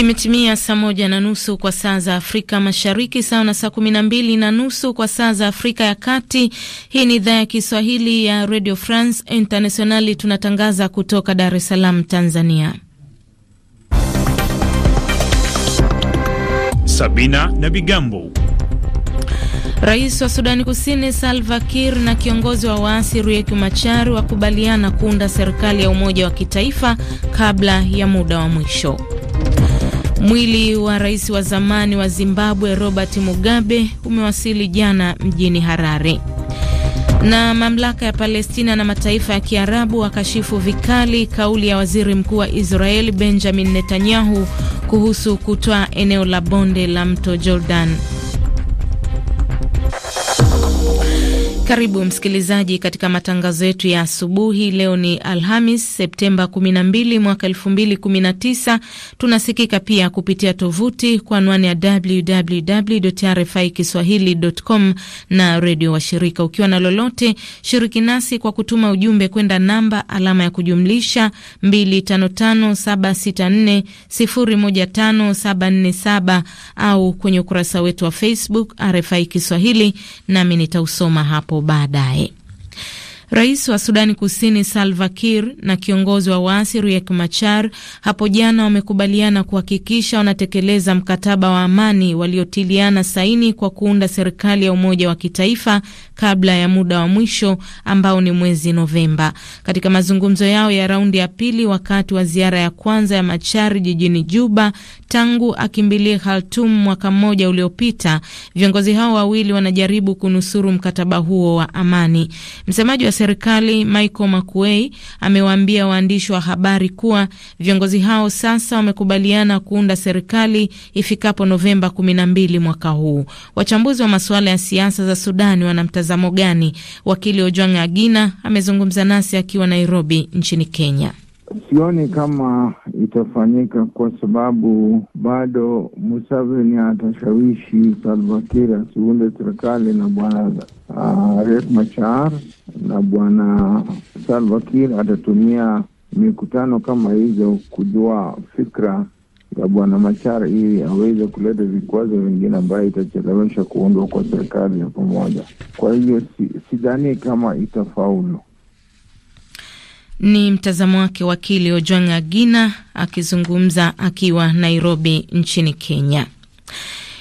Imetimia saa moja na nusu kwa saa za Afrika Mashariki, sawa na saa kumi na mbili na nusu kwa saa za Afrika ya Kati. Hii ni idhaa ya Kiswahili ya Radio France Internationali, tunatangaza kutoka Dar es Salaam, Tanzania. Sabina na Bigambo. Rais wa Sudani Kusini Salva Kir na kiongozi wa waasi Riek Machar wakubaliana kuunda serikali ya umoja wa kitaifa kabla ya muda wa mwisho. Mwili wa rais wa zamani wa Zimbabwe Robert Mugabe umewasili jana mjini Harare. Na mamlaka ya Palestina na mataifa ya Kiarabu wakashifu vikali kauli ya waziri mkuu wa israel Benjamin Netanyahu kuhusu kutoa eneo la bonde la mto Jordan. Karibu msikilizaji katika matangazo yetu ya asubuhi. Leo ni Alhamis, Septemba 12 mwaka 2019. Tunasikika pia kupitia tovuti kwa anwani ya www RFI kiswahili.com na redio washirika. Ukiwa na lolote, shiriki nasi kwa kutuma ujumbe kwenda namba alama ya kujumlisha 255764015747 au kwenye ukurasa wetu wa Facebook RFI Kiswahili, nami nitausoma hapo bồ bà đại Rais wa Sudani Kusini Salva Kiir na kiongozi wa waasi Riek Machar hapo jana wamekubaliana kuhakikisha wanatekeleza mkataba wa amani waliotiliana saini kwa kuunda serikali ya umoja wa kitaifa kabla ya muda wa mwisho ambao ni mwezi Novemba. Katika mazungumzo yao ya raundi ya pili wakati wa ziara ya kwanza ya Machar jijini Juba tangu akimbilie Khartoum mwaka mmoja uliopita, viongozi hao wawili wanajaribu kunusuru mkataba huo wa amani. Msemaji wa serikali Michael Makuei amewaambia waandishi wa habari kuwa viongozi hao sasa wamekubaliana kuunda serikali ifikapo Novemba 12 mwaka huu. Wachambuzi wa masuala ya siasa za Sudani wana mtazamo gani? Wakili Ojwang Agina amezungumza nasi akiwa Nairobi nchini Kenya. Sioni kama itafanyika kwa sababu bado Museveni atashawishi Salva Kiir asiunde serikali na bwana uh, Riek Machar, na bwana Salva Kiir atatumia mikutano kama hizo kujua fikra ya bwana Machar ili aweze kuleta vikwazo vingine ambayo itachelewesha kuundwa kwa serikali ya pamoja. Kwa hiyo sidhani kama itafaulu. Ni mtazamo wake wakili Ojwang Agina akizungumza akiwa Nairobi nchini Kenya.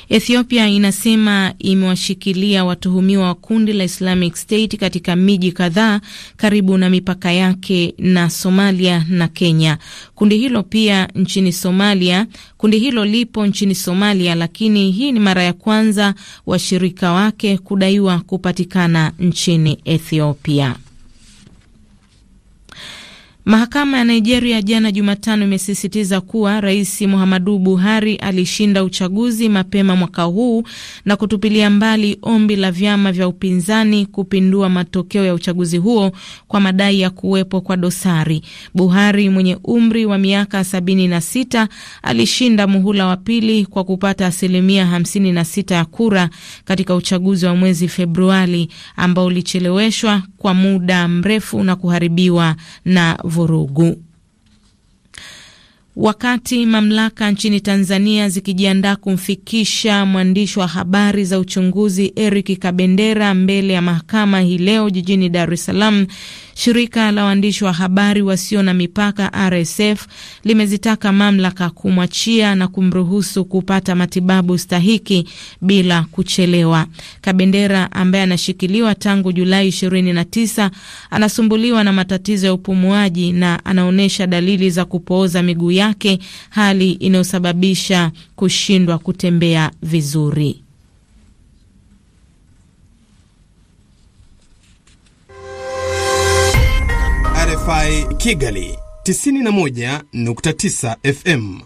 Ethiopia inasema imewashikilia watuhumiwa wa kundi la Islamic State katika miji kadhaa karibu na mipaka yake na Somalia na Kenya. Kundi hilo pia nchini Somalia, kundi hilo lipo nchini Somalia, lakini hii ni mara ya kwanza washirika wake kudaiwa kupatikana nchini Ethiopia. Mahakama ya Nigeria jana Jumatano imesisitiza kuwa Rais Muhammadu Buhari alishinda uchaguzi mapema mwaka huu na kutupilia mbali ombi la vyama vya upinzani kupindua matokeo ya uchaguzi huo kwa madai ya kuwepo kwa dosari. Buhari mwenye umri wa miaka 76 alishinda muhula wa pili kwa kupata asilimia 56 ya kura katika uchaguzi wa mwezi Februari ambao ulicheleweshwa kwa muda mrefu na kuharibiwa na vurugu. Wakati mamlaka nchini Tanzania zikijiandaa kumfikisha mwandishi wa habari za uchunguzi Eric Kabendera mbele ya mahakama hii leo jijini Dar es Salaam, Shirika la waandishi wa habari wasio na mipaka RSF limezitaka mamlaka kumwachia na kumruhusu kupata matibabu stahiki bila kuchelewa. Kabendera ambaye anashikiliwa tangu Julai 29 anasumbuliwa na matatizo ya upumuaji na anaonyesha dalili za kupooza miguu yake, hali inayosababisha kushindwa kutembea vizuri. RFI Kigali 91.9 FM.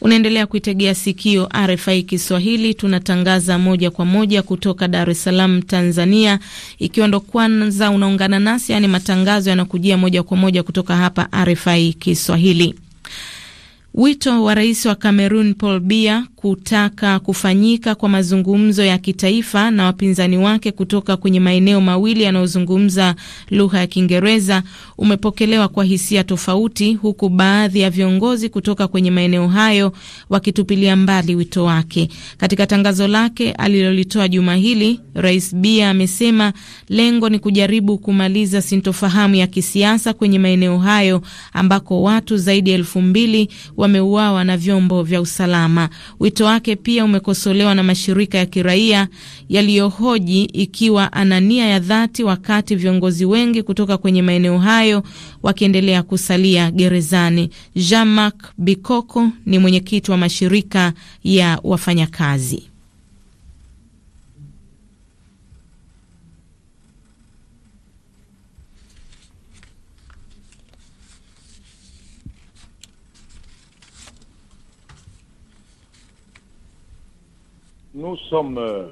Unaendelea kuitegea sikio RFI Kiswahili. Tunatangaza moja kwa moja kutoka Dar es Salaam, Tanzania. Ikiwa ndo kwanza unaungana nasi, yaani matangazo yanakujia moja kwa moja kutoka hapa RFI Kiswahili. Wito wa rais wa Cameroon Paul Biya kutaka kufanyika kwa mazungumzo ya kitaifa na wapinzani wake kutoka kwenye maeneo mawili yanayozungumza lugha ya Kiingereza umepokelewa kwa hisia tofauti, huku baadhi ya viongozi kutoka kwenye maeneo hayo wakitupilia mbali wito wake. Katika tangazo lake alilolitoa juma hili, Rais Biya amesema lengo ni kujaribu kumaliza sintofahamu ya kisiasa kwenye maeneo hayo ambako watu zaidi ya elfu mbili wameuawa na vyombo vya usalama. Wito wake pia umekosolewa na mashirika ya kiraia yaliyohoji ikiwa ana nia ya dhati, wakati viongozi wengi kutoka kwenye maeneo hayo wakiendelea kusalia gerezani. Jean-Marc Bikoko ni mwenyekiti wa mashirika ya wafanyakazi. nous sommes euh,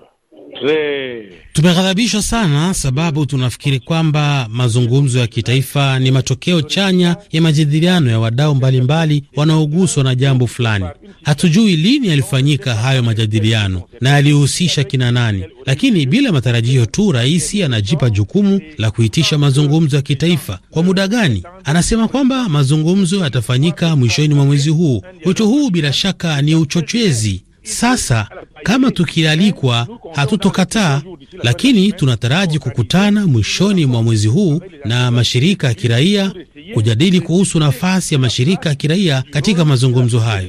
Tumeghadhabishwa sana sababu tunafikiri kwamba mazungumzo ya kitaifa ni matokeo chanya ya majadiliano ya wadau mbalimbali wanaoguswa na jambo fulani. Hatujui lini yalifanyika hayo majadiliano na yalihusisha kina nani, lakini bila matarajio tu, rais anajipa jukumu la kuitisha mazungumzo ya kitaifa. Kwa muda gani? Anasema kwamba mazungumzo yatafanyika mwishoni mwa mwezi huu. Wito huu bila shaka ni uchochezi sasa kama tukialikwa, hatutokataa, lakini tunataraji kukutana mwishoni mwa mwezi huu na mashirika ya kiraia kujadili kuhusu nafasi ya mashirika ya kiraia katika mazungumzo hayo.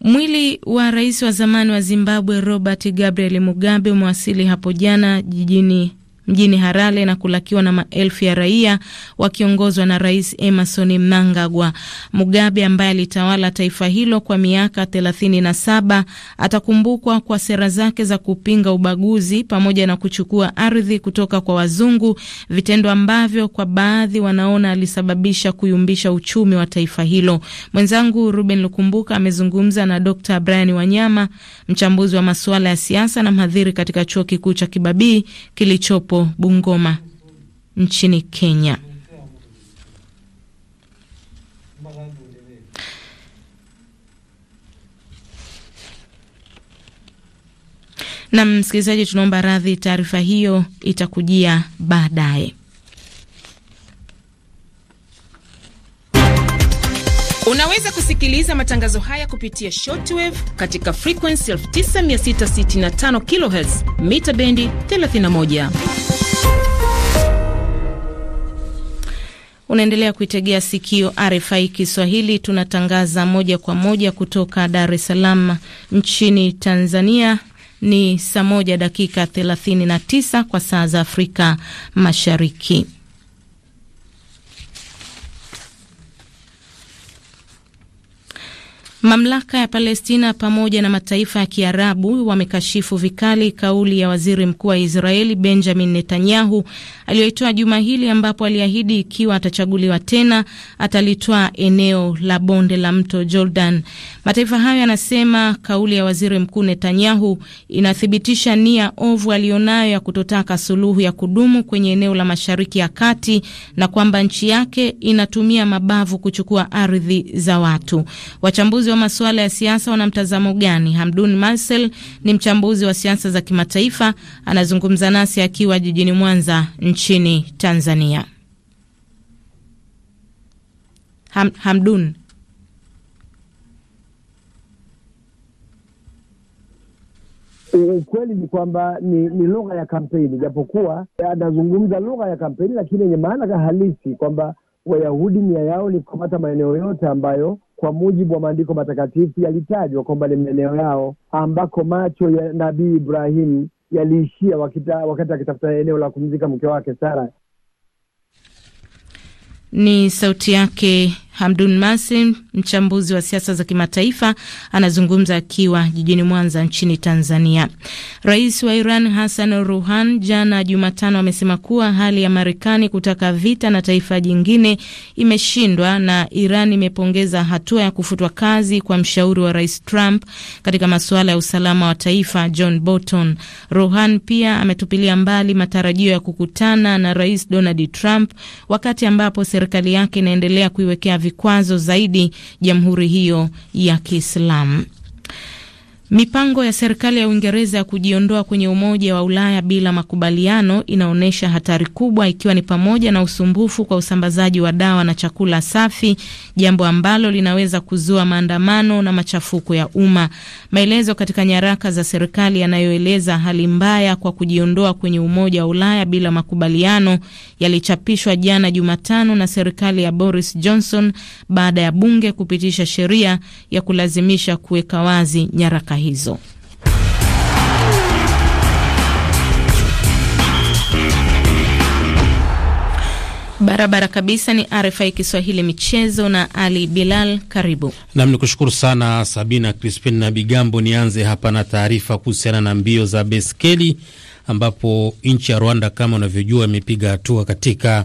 Mwili wa rais wa zamani wa Zimbabwe Robert Gabriel Mugabe umewasili hapo jana jijini mjini Harare na kulakiwa na maelfu ya raia wakiongozwa na Rais Emerson Mnangagwa. Mugabe ambaye alitawala taifa hilo kwa miaka 37 atakumbukwa kwa sera zake za kupinga ubaguzi pamoja na kuchukua ardhi kutoka kwa wazungu, vitendo ambavyo kwa baadhi wanaona alisababisha kuyumbisha uchumi wa taifa hilo. Mwenzangu Ruben Lukumbuka amezungumza na Dr. Brian Wanyama, mchambuzi wa masuala ya siasa na mhadhiri katika chuo kikuu cha Kibabii kilichopo huko Bungoma nchini Kenya. Na msikilizaji, tunaomba radhi, taarifa hiyo itakujia baadaye. Unaweza kusikiliza matangazo haya kupitia shortwave katika frequency 9665 kHz mita bendi 31. Unaendelea kuitegea sikio RFI Kiswahili, tunatangaza moja kwa moja kutoka Dar es Salaam nchini Tanzania. Ni saa moja dakika 39 kwa saa za Afrika Mashariki. Mamlaka ya Palestina pamoja na mataifa ya Kiarabu wamekashifu vikali kauli ya waziri mkuu wa Israeli Benjamin Netanyahu aliyoitoa juma hili, ambapo aliahidi ikiwa atachaguliwa tena atalitoa eneo la bonde la mto Jordan. Mataifa hayo yanasema kauli ya waziri mkuu Netanyahu inathibitisha nia ovu aliyonayo ya kutotaka suluhu ya kudumu kwenye eneo la Mashariki ya Kati na kwamba nchi yake inatumia mabavu kuchukua ardhi za watu. Wachambuzi wa masuala ya siasa wana mtazamo gani? Hamdun Marcel ni mchambuzi wa siasa za kimataifa, anazungumza nasi akiwa jijini Mwanza nchini Tanzania. Ham, Hamdun Ukweli ni kwamba ni, ni lugha ya kampeni, japokuwa anazungumza lugha ya kampeni, lakini yenye maana halisi kwamba Wayahudi nia yao ni kukamata maeneo yote ambayo kwa mujibu wa maandiko matakatifu yalitajwa kwamba ni maeneo yao ambako macho ya nabii Ibrahimu yaliishia wakati akitafuta eneo la kumzika mke wake Sara. Ni sauti yake Hamdun masi mchambuzi wa siasa za kimataifa, anazungumza akiwa jijini Mwanza nchini Tanzania. Rais wa Iran Hassan Ruhan jana Jumatano amesema kuwa hali ya Marekani kutaka vita na taifa jingine imeshindwa na Iran imepongeza hatua ya kufutwa kazi kwa mshauri wa rais Trump katika masuala ya usalama wa taifa John Bolton. Ruhan pia ametupilia mbali matarajio ya kukutana na rais Donald Trump wakati ambapo serikali yake inaendelea kuiwekea vikwazo zaidi jamhuri hiyo ya Kiislamu. Mipango ya serikali ya Uingereza ya kujiondoa kwenye Umoja wa Ulaya bila makubaliano inaonyesha hatari kubwa, ikiwa ni pamoja na usumbufu kwa usambazaji wa dawa na chakula safi, jambo ambalo linaweza kuzua maandamano na machafuko ya umma. Maelezo katika nyaraka za serikali yanayoeleza hali mbaya kwa kujiondoa kwenye Umoja wa Ulaya bila makubaliano yalichapishwa jana Jumatano na serikali ya Boris Johnson baada ya bunge kupitisha sheria ya kulazimisha kuweka wazi nyaraka hizo. Barabara kabisa ni RFI Kiswahili michezo na Ali Bilal, karibu nam. Ni kushukuru sana Sabina Crispin na Bigambo. Nianze hapa na taarifa kuhusiana na mbio za beskeli, ambapo nchi ya Rwanda kama unavyojua imepiga hatua katika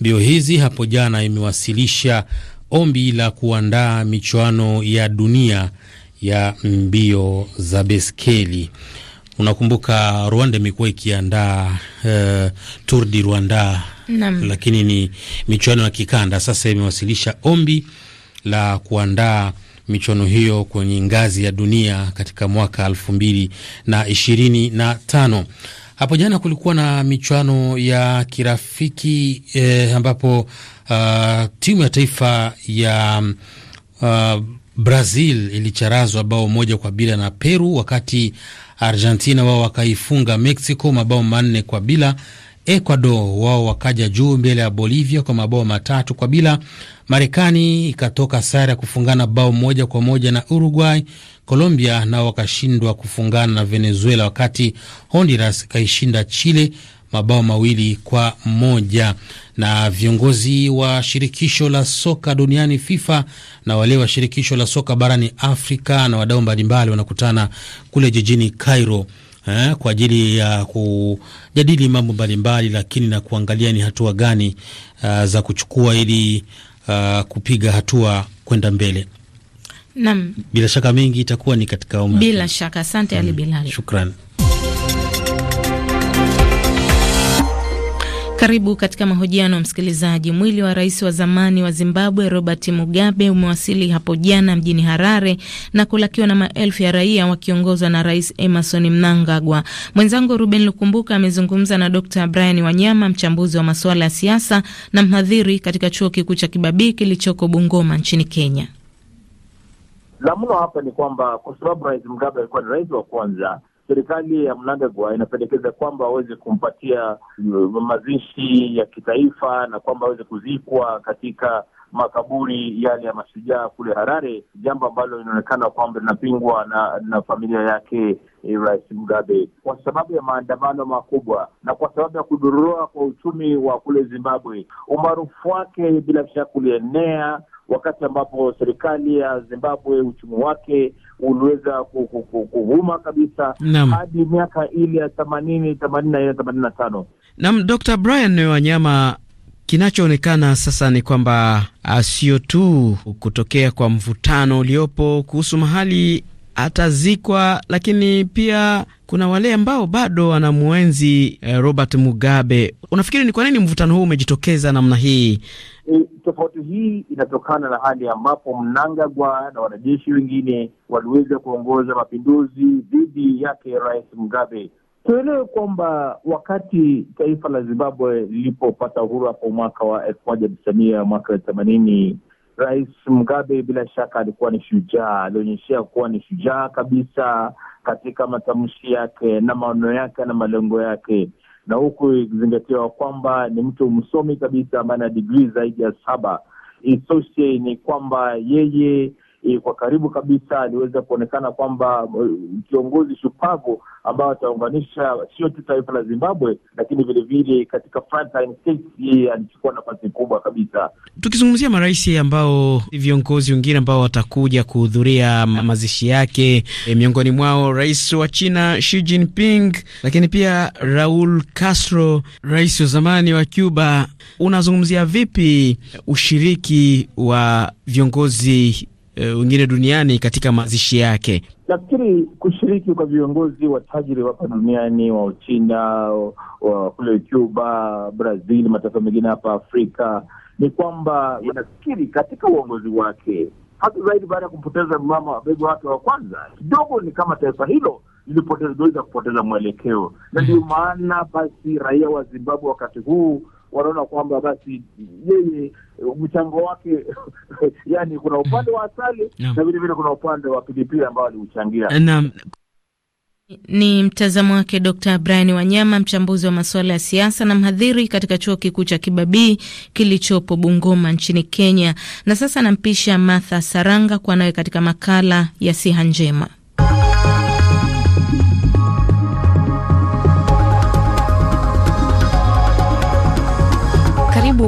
mbio hizi. Hapo jana imewasilisha ombi la kuandaa michuano ya dunia ya mbio za beskeli. Unakumbuka Rwanda imekuwa ikiandaa uh, Tour di Rwanda Nam. lakini ni michuano ya kikanda. Sasa imewasilisha ombi la kuandaa michuano hiyo kwenye ngazi ya dunia katika mwaka elfu mbili na ishirini na tano. Hapo jana kulikuwa na michuano ya kirafiki eh, ambapo uh, timu ya taifa ya uh, Brazil ilicharazwa bao moja kwa bila na Peru, wakati Argentina wao wakaifunga Mexico mabao manne kwa bila. Ecuador wao wakaja juu mbele ya Bolivia kwa mabao matatu kwa bila. Marekani ikatoka sare ya kufungana bao moja kwa moja na Uruguay. Colombia nao wakashindwa kufungana na Venezuela, wakati Honduras ikaishinda Chile mabao mawili kwa moja na viongozi wa shirikisho la soka duniani FIFA na wale wa shirikisho la soka barani Afrika na wadau mbalimbali wanakutana kule jijini Cairo eh, kwa ajili ya uh, kujadili mambo mbalimbali, lakini na kuangalia ni hatua gani uh, za kuchukua ili uh, kupiga hatua kwenda mbele. Nam. bila shaka mengi itakuwa ni katika umma. Bila shaka, asante Ali mm. Bilali, Shukrani. Karibu katika mahojiano, msikilizaji. Mwili wa rais wa zamani wa Zimbabwe Robert Mugabe umewasili hapo jana mjini Harare na kulakiwa na maelfu ya raia wakiongozwa na Rais Emerson Mnangagwa. Mwenzangu Ruben Lukumbuka amezungumza na Dr Brian Wanyama, mchambuzi wa masuala ya siasa na mhadhiri katika chuo kikuu cha Kibabii kilichoko Bungoma nchini Kenya. La mno hapa ni kwamba kwa sababu Rais Mugabe alikuwa ni rais wa kwanza serikali ya Mnangagwa inapendekeza kwamba aweze kumpatia uh, mazishi ya kitaifa na kwamba aweze kuzikwa katika makaburi yale ya mashujaa kule Harare, jambo ambalo linaonekana kwamba linapingwa na, na familia yake eh, Rais Mugabe kwa sababu ya maandamano makubwa na kwa sababu ya kudorora kwa uchumi wa kule Zimbabwe. Umaarufu wake bila shaka ulienea wakati ambapo serikali ya Zimbabwe uchumi wake uliweza kuvuma kabisa hadi miaka ile ya themanini themanini na nne themanini na tano. Nam Dr. Brian Wanyama, kinachoonekana sasa ni kwamba ah, sio tu kutokea kwa mvutano uliopo kuhusu mahali atazikwa lakini pia kuna wale ambao bado wanamwenzi eh, Robert Mugabe. Unafikiri ni kwa nini mvutano huu umejitokeza namna hii E, tofauti hii inatokana na hali ambapo Mnangagwa na wanajeshi wengine waliweza kuongoza mapinduzi dhidi yake Rais Mugabe. Tuelewe kwamba wakati taifa la Zimbabwe lilipopata uhuru hapo mwaka wa elfu moja mia tisa mwaka themanini, Rais Mugabe bila shaka alikuwa ni shujaa, alionyeshea kuwa ni shujaa kabisa katika matamshi yake na maono yake na malengo yake na huku ikizingatiwa kwamba ni mtu msomi kabisa ambaye ana digrii zaidi ya saba. Isoshe ni kwamba yeye eh, kwa karibu kabisa aliweza kuonekana kwamba eh, kiongozi shupavu ambao wataunganisha sio tu taifa la Zimbabwe, lakini vilevile katika frontline states, yeye alichukua nafasi kubwa kabisa. Tukizungumzia marais ambao viongozi wengine ambao watakuja kuhudhuria mazishi yake, e, miongoni mwao rais wa China Xi Jinping, lakini pia Raul Castro, rais wa zamani wa Cuba. Unazungumzia vipi ushiriki wa viongozi e, wengine duniani katika mazishi yake? Nafikiri kushiriki kwa viongozi wa tajiri hapa duniani wa Uchina, wa kule Cuba, Brazil, mataifa mengine hapa Afrika ni kwamba nafikiri katika uongozi wake hata zaidi baada ya kumpoteza mama wabega wake wa kwanza, kidogo ni kama taifa hilo lilipoteza kupoteza mwelekeo, na ndio maana basi raia wa Zimbabwe wakati huu wanaona kwamba basi yeye mchango wake yani, kuna upande wa asali na vilevile kuna upande wa pilipili ambao aliuchangia Ni mtazamo wake Dr Brian Wanyama, mchambuzi wa masuala ya siasa na mhadhiri katika chuo kikuu cha Kibabii kilichopo Bungoma nchini Kenya. Na sasa nampisha Martha Saranga kuwa nawe katika makala ya Siha Njema.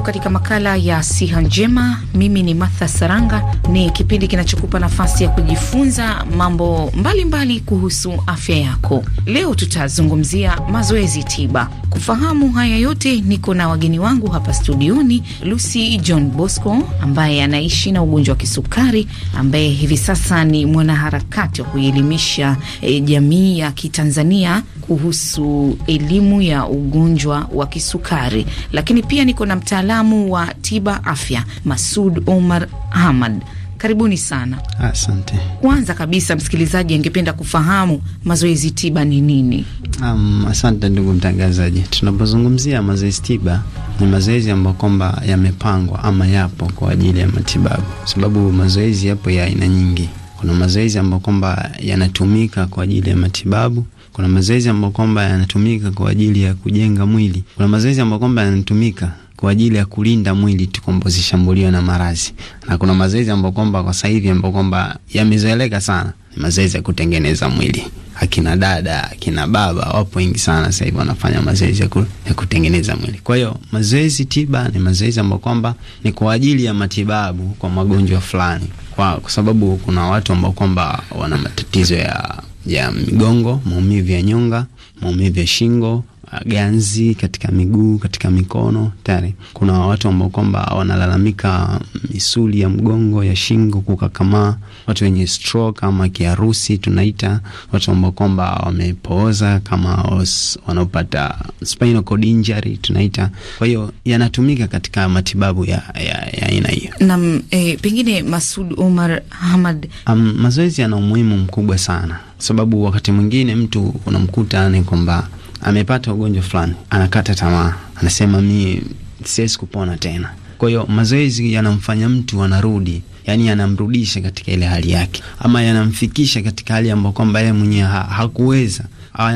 karibu katika makala ya siha njema. Mimi ni Martha Saranga. Ni kipindi kinachokupa nafasi ya kujifunza mambo mbalimbali mbali kuhusu afya yako. Leo tutazungumzia mazoezi tiba. Kufahamu haya yote, niko na wageni wangu hapa studioni, Lucy John Bosco ambaye anaishi na ugonjwa wa kisukari, ambaye hivi sasa ni mwanaharakati wa kuielimisha e, jamii ya Kitanzania kuhusu elimu ya ugonjwa wa kisukari, lakini pia niko na mtaalamu wa tiba afya Masud Omar Ahmad. Karibuni sana. Asante. Kwanza kabisa, msikilizaji angependa kufahamu mazoezi tiba ni nini? Um, asante ndugu mtangazaji. Tunapozungumzia mazoezi tiba ni mazoezi ambayo kwamba yamepangwa ama yapo kwa ajili ya matibabu, sababu mazoezi yapo ya aina nyingi. Kuna mazoezi ambayo kwamba yanatumika kwa ajili ya matibabu kuna mazoezi ambayo kwamba yanatumika kwa ajili ya kujenga mwili. Kuna mazoezi ambayo kwamba yanatumika kwa ajili ya kulinda mwili tukombozishambuliwa na maradhi, na kuna mazoezi ambayo kwamba kwa sasa hivi ambayo kwamba yamezoeleka sana ni mazoezi ya kutengeneza mwili. Akina dada, akina baba wapo wengi sana sasa hivi wanafanya mazoezi ya, ya kutengeneza mwili. Kwa hiyo mazoezi tiba ni mazoezi ambayo kwamba ni kwa ajili ya matibabu kwa magonjwa fulani, kwa, kwa sababu kuna watu ambao kwamba wana matatizo ya ya migongo, maumivu ya nyonga, maumivu ya shingo, ganzi katika miguu, katika mikono. Tayari kuna watu ambao kwamba wanalalamika misuli ya mgongo, ya shingo kukakamaa, watu wenye stroke ama kiharusi tunaita, watu ambao kwamba wamepooza kama wanaopata spinal cord injury tunaita. Kwa hiyo yanatumika katika matibabu ya aina hiyo. Naam, e, pengine Masud Umar Hamad, um, mazoezi yana umuhimu mkubwa sana, sababu wakati mwingine mtu unamkuta ni kwamba amepata ugonjwa fulani, anakata tamaa, anasema mi siwezi kupona tena. Kwa hiyo mazoezi yanamfanya mtu anarudi, yani yanamrudisha katika ile hali yake, ama yanamfikisha katika hali ambayo kwamba yeye mwenyewe ha hakuweza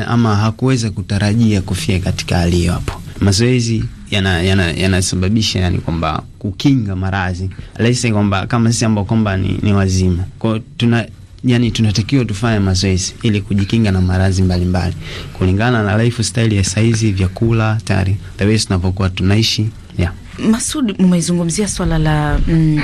ama hakuweza kutarajia kufia katika hali hiyo. Hapo mazoezi yanasababisha yana, yana yani kwamba kukinga maradhi laisi kwamba kama sisi ambao kwamba ni, ni wazima kwao tuna yani tunatakiwa tufanye mazoezi ili kujikinga na maradhi mbalimbali, kulingana na lifestyle ya saizi, vyakula tayari, the way tunavyokuwa tunaishi yeah. Masud, mumezungumzia swala la mm,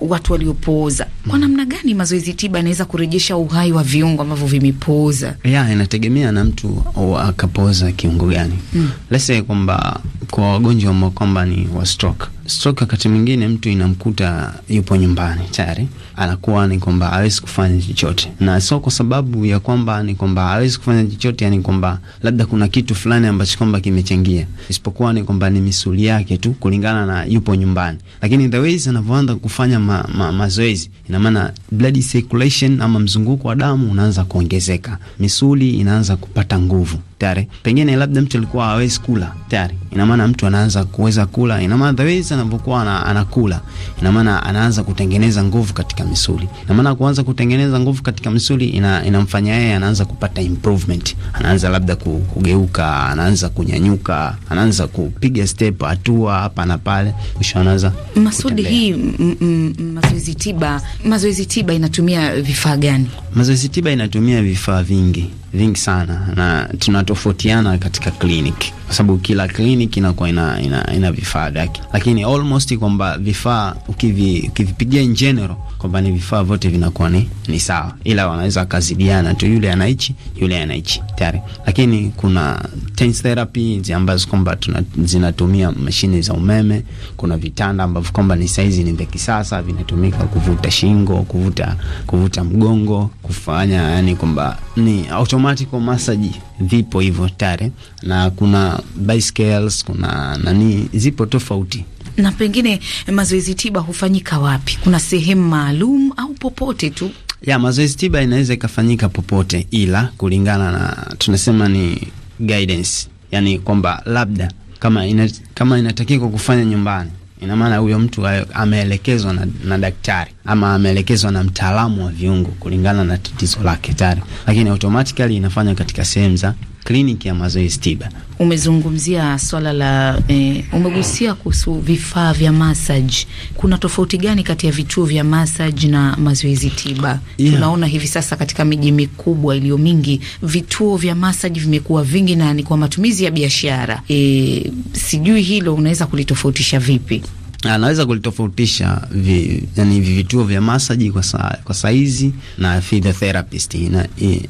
watu waliopooza. Kwa mm. namna gani mazoezi tiba yanaweza kurejesha uhai wa viungo ambavyo vimepooza? Yeah, inategemea na mtu akapooza kiungo gani mm. Lese kwamba kwa wagonjwa ambao kwamba ni wa stroke stroke wakati mwingine mtu inamkuta yupo nyumbani tayari, anakuwa ni kwamba hawezi kufanya chochote, na sio kwa sababu ya kwamba ni kwamba hawezi kufanya chochote, yani kwamba labda kuna kitu fulani ambacho kwamba kimechangia, isipokuwa ni kwamba ni misuli yake tu, kulingana na yupo nyumbani. Lakini the ways anavyoanza kufanya ma, ma, mazoezi, ina maana blood circulation ama mzunguko wa damu unaanza kuongezeka, misuli inaanza kupata nguvu tayari, pengine labda mtu alikuwa hawezi kula tayari, ina maana mtu anaanza kuweza kula, ina maana the way anavyokuwa anakula, ina maana anaanza kutengeneza nguvu katika misuli, ina maana kuanza kutengeneza nguvu katika misuli ina, inamfanya yeye anaanza kupata improvement, anaanza labda kugeuka, anaanza kunyanyuka, anaanza kupiga step hatua hapa na pale, mwisho anaanza Masudi. Hii mm, mm, mm, mazoezi tiba, mazoezi tiba inatumia vifaa gani? Mazoezi tiba inatumia vifaa vingi vingi sana, na tunatofautiana katika kliniki, kwa sababu kila kliniki inakuwa ina, ina, ina vifaa vyake, lakini almost kwamba vifaa ukivipigia in general kwamba ni vifaa vyote vinakuwa ni, ni sawa, ila wanaweza kazidiana tu, yule anaichi yule anaichi tayari. Lakini kuna tense therapy ambazo kwamba zinatumia mashine za umeme. Kuna vitanda ambavyo kwamba ni saizi ni vya kisasa, vinatumika kuvuta shingo, kuvuta kuvuta mgongo, kufanya yani kwamba ni automatic massage vipo hivyo tare na kuna bicycles, kuna nani zipo tofauti. Na pengine mazoezi tiba hufanyika wapi? Kuna sehemu maalum au popote tu? Ya mazoezi tiba inaweza ikafanyika popote, ila kulingana na tunasema ni guidance, yani kwamba labda kama, ina, kama inatakiwa kufanya nyumbani ina maana huyo mtu ameelekezwa na, na daktari ama ameelekezwa na mtaalamu wa viungo kulingana na tatizo lake tayari, lakini automatically inafanya katika sehemu za kliniki ya mazoezi tiba. Umezungumzia swala la eh, umegusia kuhusu vifaa vya massage. Kuna tofauti gani kati ya vituo vya massage na mazoezi tiba? Yeah. Tunaona hivi sasa katika miji mikubwa iliyo mingi vituo vya massage vimekuwa vingi na ni kwa matumizi ya biashara. E, sijui hilo unaweza kulitofautisha vipi? Anaweza ah, kulitofautisha vi, yani vituo vya masaji kwa, sa, kwa saizi na physiotherapist eh,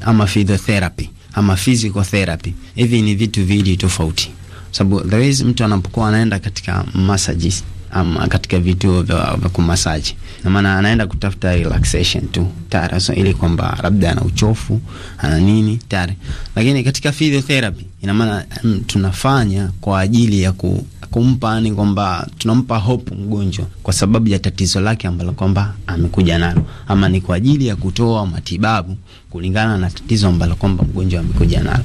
ama physiotherapy ama physical therapy, hivi ni vitu viwili tofauti, sababu there is mtu anapokuwa anaenda katika massages ama katika vituo vya, kumasaji na maana anaenda kutafuta relaxation tu tayari, so ili kwamba labda ana uchofu ana nini tayari. Lakini katika physiotherapy ina maana mm, tunafanya kwa ajili ya ku, kumpa ni kwamba tunampa hope mgonjwa kwa sababu ya tatizo lake ambalo kwamba amekuja nalo, ama ni kwa ajili ya kutoa matibabu kulingana na tatizo ambalo kwamba mgonjwa amekuja nalo.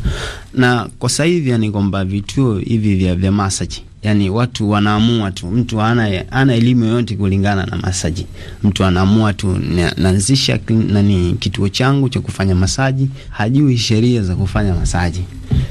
Na kwa sasa hivi ni kwamba vituo hivi vya, vya massage yani watu wanaamua tu, mtu ana elimu yoyote kulingana na masaji. Mtu anaamua tu, naanzisha nani kituo changu cha kufanya masaji, hajui sheria za kufanya masaji.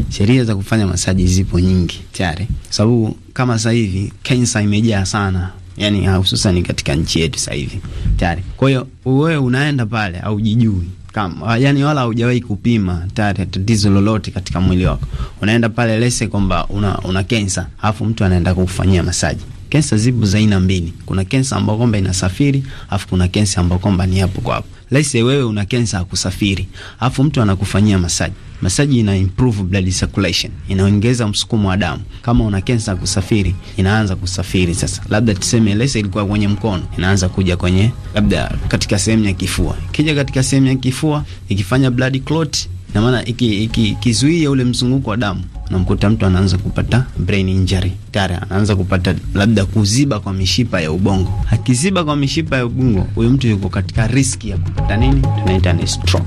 Sheria za kufanya masaji zipo nyingi tayari, sababu kama sasa hivi kansa imejaa sana yani hususan katika nchi yetu sasa hivi tayari. Kwa hiyo wewe unaenda pale au jijui kama ah, yani, wala hujawahi kupima tatizo lolote katika mwili wako, unaenda pale lese kwamba una, una kensa alafu mtu anaenda kukufanyia masaji. Kensa zipo za aina mbili, kuna kensa ambayo kwamba inasafiri alafu kuna kensa ambayo kwamba ni hapo kwa hapo. Lese wewe una kensa akusafiri alafu mtu anakufanyia masaji Masaji ina improve blood circulation, inaongeza msukumo wa damu. Kama una kansa kusafiri, inaanza kusafiri sasa. Labda tuseme lesa ilikuwa kwenye mkono, inaanza kuja kwenye labda katika sehemu ya kifua. Kija katika sehemu ya kifua, ikifanya blood clot, na maana ikizuia iki, iki ule mzunguko wa damu, unamkuta mtu anaanza kupata brain injury tare, anaanza kupata labda kuziba kwa mishipa ya ubongo. Akiziba kwa mishipa ya ubongo, huyo mtu yuko katika riski ya kupata nini tunaita ni stroke.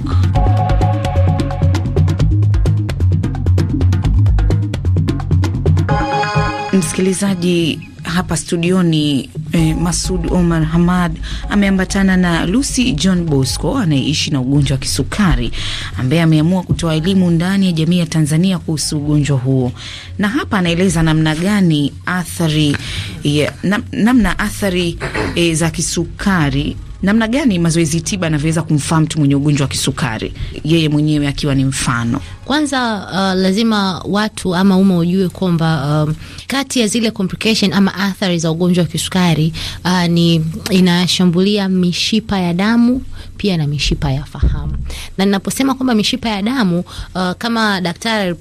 Msikilizaji hapa studioni eh, Masud Omar Hamad ameambatana na Lucy John Bosco anayeishi na ugonjwa wa kisukari, ambaye ameamua kutoa elimu ndani ya jamii ya Tanzania kuhusu ugonjwa huo, na hapa anaeleza namna gani athari yeah, na, namna athari eh, za kisukari namna gani mazoezi tiba anavyoweza kumfaa mtu mwenye ugonjwa wa kisukari, yeye mwenyewe akiwa ni mfano. Kwanza uh, lazima watu ama umma ujue kwamba um, kati ya zile complication ama athari za ugonjwa wa kisukari uh, ni inashambulia mishipa ya damu pia na mishipa ya fahamu. Na ninaposema kwamba mishipa ya damu uh, kama daktari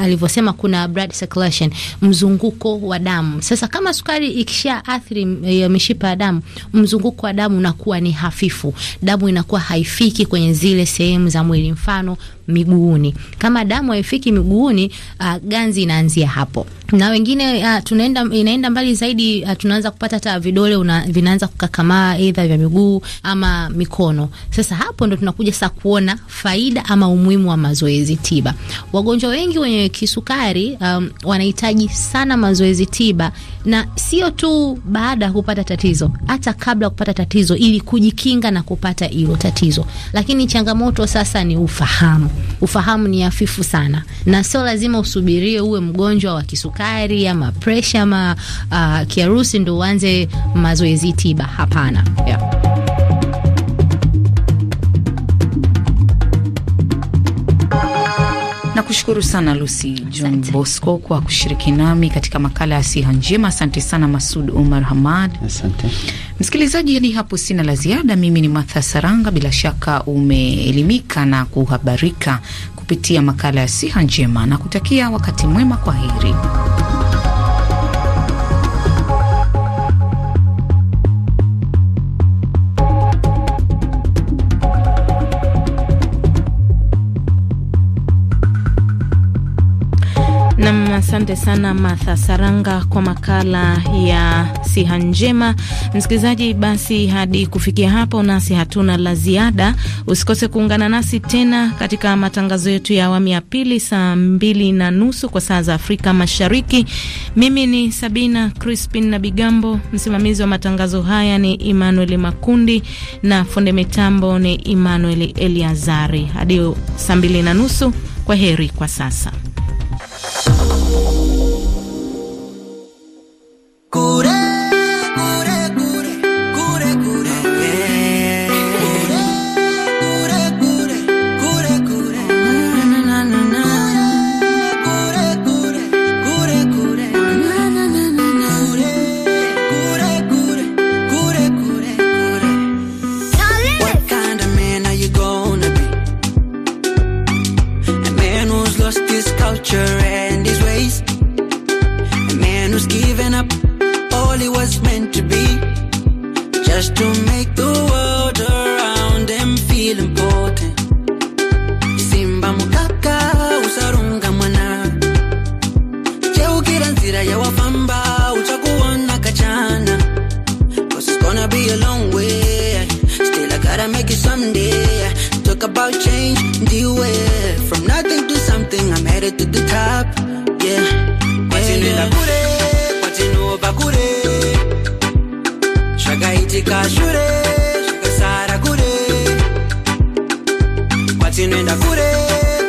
alivyosema kuna blood circulation, mzunguko wa damu. Sasa kama sukari ikisha athiri ya eh, mishipa ya damu, mzunguko wa damu unakuwa ni hafifu, damu inakuwa haifiki kwenye zile sehemu za mwili, mfano miguuni. Kama damu haifiki miguuni, uh, ganzi inaanzia hapo. Na wengine uh, tunaenda inaenda mbali zaidi uh, tunaanza kupata hata vidole una, vinaanza kukakamaa aidha vya miguu ama mikono. Sasa hapo ndo tunakuja sasa kuona faida ama umuhimu wa mazoezi tiba. Wagonjwa wengi wenye kisukari um, wanahitaji sana mazoezi tiba na sio tu baada ya kupata tatizo, hata kabla ya kupata tatizo ili kujikinga na kupata hilo tatizo. Lakini changamoto sasa ni ufahamu ufahamu ni hafifu sana, na sio lazima usubirie uwe mgonjwa wa kisukari ama presha ama uh, kiharusi ndo uanze mazoezi tiba. Hapana, yeah. Nakushukuru sana Lucy John Bosco kwa kushiriki nami katika makala ya siha njema. Asante sana Masud Omar Hamad. Asante msikilizaji, hadi hapo sina la ziada. Mimi ni Martha Saranga, bila shaka umeelimika na kuhabarika kupitia makala ya siha njema, na kutakia wakati mwema. Kwa heri. Asante sana Martha Saranga kwa makala ya siha njema. Msikilizaji, basi hadi kufikia hapo, nasi hatuna la ziada. Usikose kuungana nasi tena katika matangazo yetu ya awamu ya pili saa mbili na nusu kwa saa za Afrika Mashariki. Mimi ni Sabina Crispin na Bigambo, msimamizi wa matangazo haya ni Emmanuel Makundi na funde mitambo ni Emmanuel Eliazari. Hadi saa mbili na nusu, kwa heri kwa sasa. gotta make it someday. Talk about change, do it. From nothing to something, I'm headed to the top. Yeah. yeah. Shagaitika shure, shagasara kure Watinu enda kure,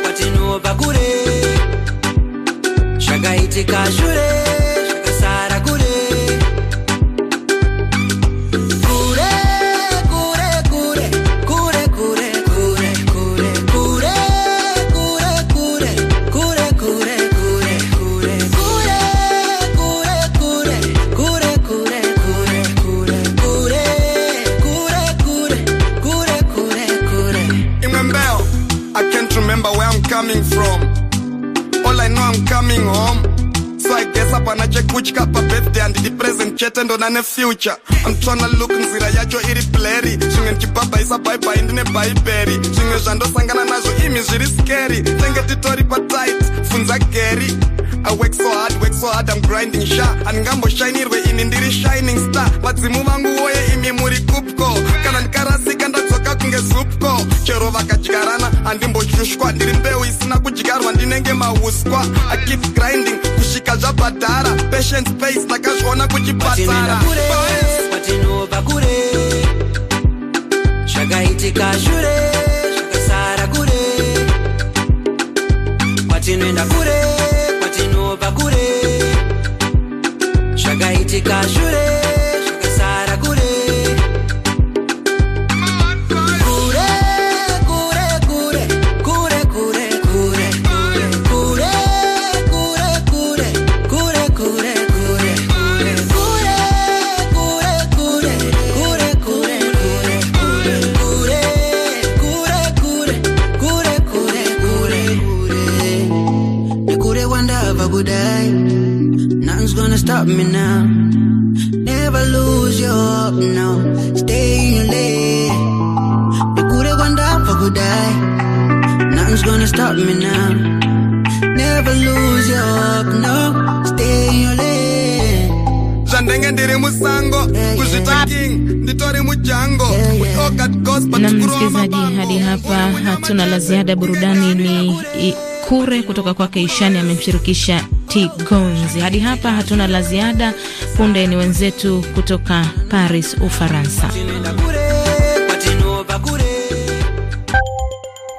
watinu oba kure Shagaitika shure, shagasara kure chete ndona nefuture amtswana look nzira yacho iri blary zvimwe ndichibhabhaisa bhaibhai ndine bhaibheri zvimwe zvandosangana nazvo imi zviri scary tenge titori patit funza gary iwork so hard work so hard am grinding sha handingamboshainirwe ini ndiri shining star vadzimu vangu woye imi muri kupco kana ndikarasika ndaa kunge zupko chero vakadyarana handimboshushwa ndiri mbeu isina kudyarwa ndinenge mauswa akeep grinding kusvika zvabhadhara patience pace takazviona kuchipatara zvakaitika shure zvakasara kure kwatinoenda kure kwatinobva kure zvakaitika shure kwa hadi hapa hatuna la ziada. Burudani ni kure kutoka kwake Ishani, amemshirikisha Tigonzi. Hadi hapa hatuna la ziada. Punde ni wenzetu kutoka Paris, Ufaransa.